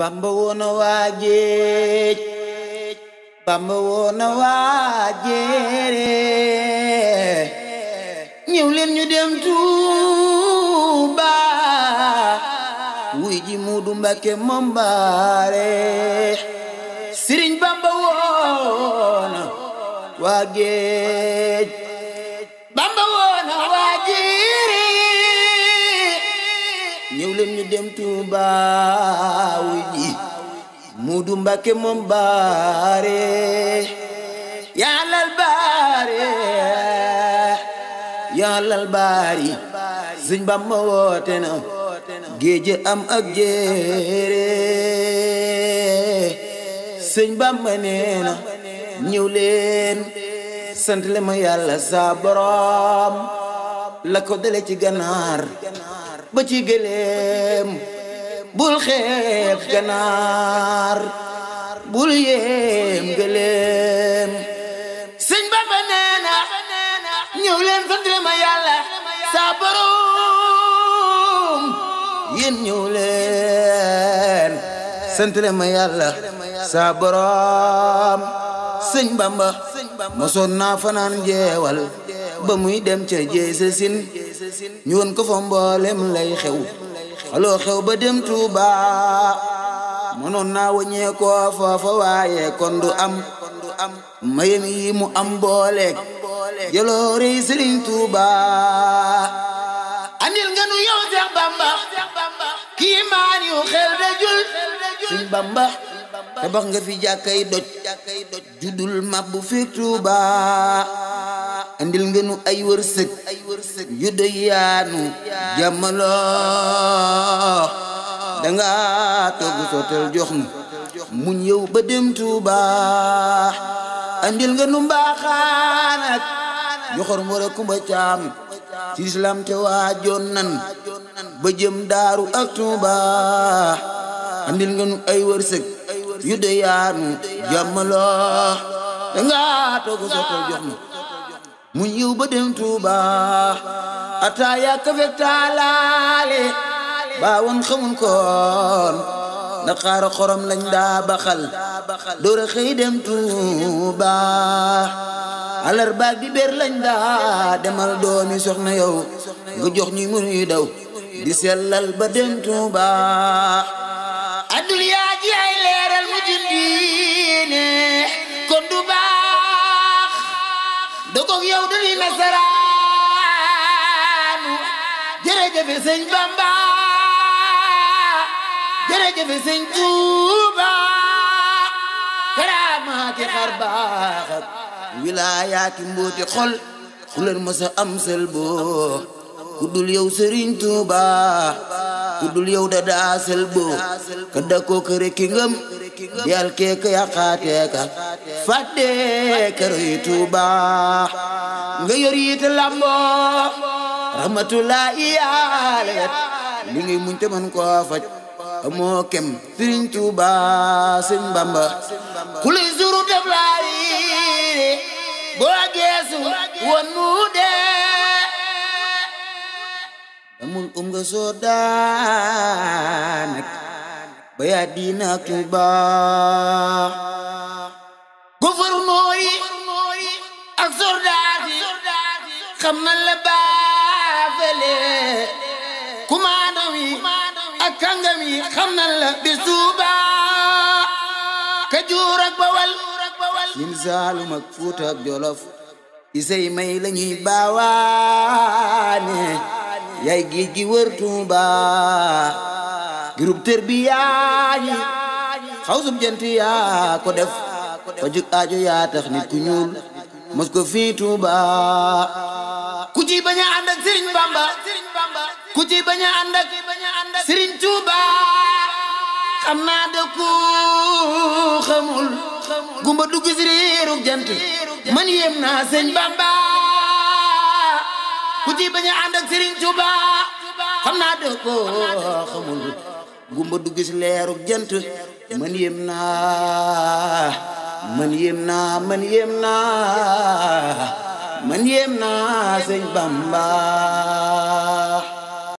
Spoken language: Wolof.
bamba woona waa géej bamba woona waa jéere ñëw ñu dem Tuuba wuy ji muudu Mbàkke moom bamba woona waa leen ñu dem Tuuba wu ji Muudu Mbàkke moom baare yàllal baare yàllal baari sëñ Bamba woote na géej am ak jéere sëñ Bamba nee na leen sant le ma yàlla sa borom la ko dale ci gannaar ba ci gëléem bul xeeb ganaar bul yéem gëléem sëñ ba ba nee na leen sant leen ma yàlla saa borom yéen leen sant leen ma yàlla saa borom sëñ Bamba mosoon naa fanaan jeewal ba muy dem ca jeese sin ñu won ko fa mboolem lay xew xaloo xew ba dem Tuuba mënoon naa waññee ko foofa waaye kon du am mayem yi mu am booleeg jaloore yi Sëriñ Tuuba andil nga yow Seex Bamba kii yu xel da jul Sëriñ Bamba tabax nga fi jàkkay doj juddul mabbu fi Tuuba andil nga nu ay wërsëg juddayaanu jàmmaloo danga togg sottal jox nu muñ yow ba dem Tuuba andil nga nu mbaaxaan ak joxor mo rek kumba caam ci islam te waajoon nan ba jëm daaru ak Tuuba nga nu ay wërsëg yu de yaanu jàmmaloo danga togg sottal jox nu mu yiw ba dem Tuuba ataaya kafe taalaale baawoon xamul koon ndax xaara xorom lañ daa baxal door a xëy dem Tuuba alarbaag bi béer lañ daa demal doomi soxna yow nga jox ñi mënuy daw di sellal ba dem Tuuba koog yow dañuy nasaraanu jërëjëf sëñ Bamba jërëjëf sëñ Tuuba karaamaati xar baax ak wilaayaati mbooti xol ku leen mës boo ku dul yow sëriñ Tuuba ku dul yow da daa boo ka da koo kër ngëm yàlla kee ka yàqaatee ka fàtte kër yi Tuuba nga yor it lambo rahmatullahi yaale li ngay muñ te mën koo faj amoo kem sëriñ Tuuba sëñ Bamba ku lay zuru def laa boo geesu woon nu dee amul um nga soo daanak ba yaa diina Tuuba xamal la baafale kumaanam yi ak kàngam yi xam nan la bis ka juur ak bawal min Saalum ak Fuuta Jolof isey may la ñuy yaay géej gi wër Tuuba girub tër bi yaañi xaw sub ko def fa jug aajo nit ku ñuul mos ko fii Tuuba ku ci bañ a ànd ak Bamba ku ci bañ a ànd ak Serigne Touba naa de ku gumba dugg si jant man yéem naa ci bañ a ànd jant man yéem naa man yéem naa man yem naa sëñ Bamba